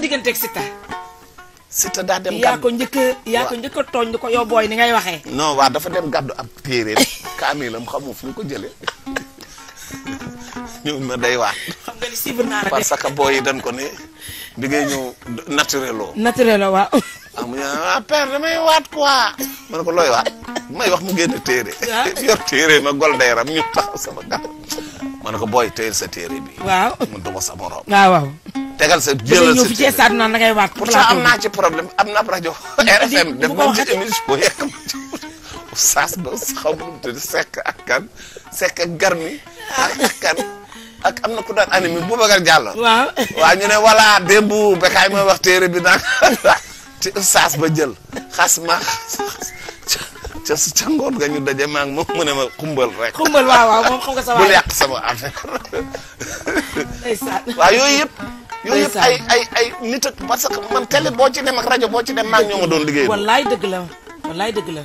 digganteeg Siteu. Siteu daa dem gàddu yaa ko njëkk a yaa ko njëkk tooñ ko yow booy ni ngay waxee. non waa dafa dem gàddu ab téere kaamilam xamu fu mu ko jële ñëw ma day waat. xam nga ni sibir yi dañ ko ne bi ngay ñëw naturel loo. naturel loo waaw. ah mu ah, ko looy waat may wax mu génn téere. yor téere ma gol day ram ñu taxaw sama gàddu. ma ko booy téyel sa téere bi. waaw mun duma sa morom. waaw waaw. tegal sa jëlal sa téere da ngay ngay waat. pourtant am naa ci problème am na rajo. RFM def nañ ci émission yegg saas ba xaw ma sekk ak kan sekk garmi ak am na ku daan animé Boubacar Diallo. waaw waaw ñu ne voilà démb Bécaye mooy wax téere bi nag saas ba jël xas ma ca ca ngoon nga ñu daje maa ngi mu ne ma xumbal rek. xumbal waaw waaw moom xam nga sa waay bul yàq sama affaire. ndeysaan waaw yooyu yëpp. yooyu yëpp ay ay ay nit ak parce que man télé boo ci dem ak rajo boo ci dem maa ngi ñoo ma doon liggéey. wallaay dëgg la wallaay dëgg la.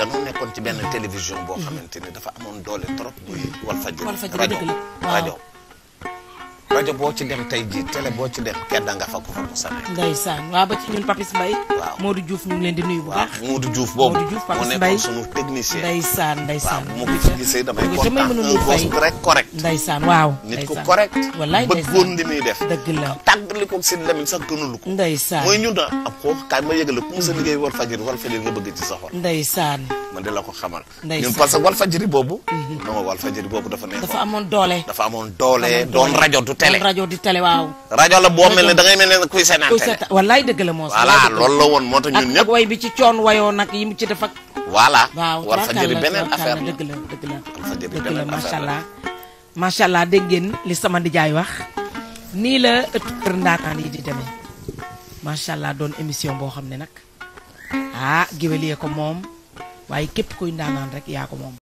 dañoo nekkoon ci benn télévision boo xamante ne dafa amoon doole trop. muy Walfadjri rajo rajo. rajo boo ci dem da nga fa ko fa mu sane ndeysaan waaw ba ci ñun Papis Mbaye waaw Modou Diouf ñu ngi leen di nuyu bu baax Modou Diouf boobu Modou Diouf Papis Mbaye sunu technicien ndeysaan ndeysaan waaw la ko si Lamine ñun da am ko kaay wal fajiri boobu mhm. non wal fajiri boobu dafa neexoon dafa amoon doole dafa amoon doole doon rajo du télé télé rajo di télé waaw. rajo la boo mel ne da ngay mel ne kuy seenaan télé. wallaay dëgg la moo sax. voilà loolu la woon moo tax ñun ñëpp ak way bi ci coon wayoo nag yi mu ci def ak. waaw war fa jëri beneen affaire la dëgg la dëgg la. macha allah. macha allah dégg ngeen li sama nijaay wax. nii la ëttu kër ndaataan yi di demee. macha allah doon émission boo xam ne nag. ah géwél yee ko moom waaye képp kuy ndaanaan rek yaa ko moom.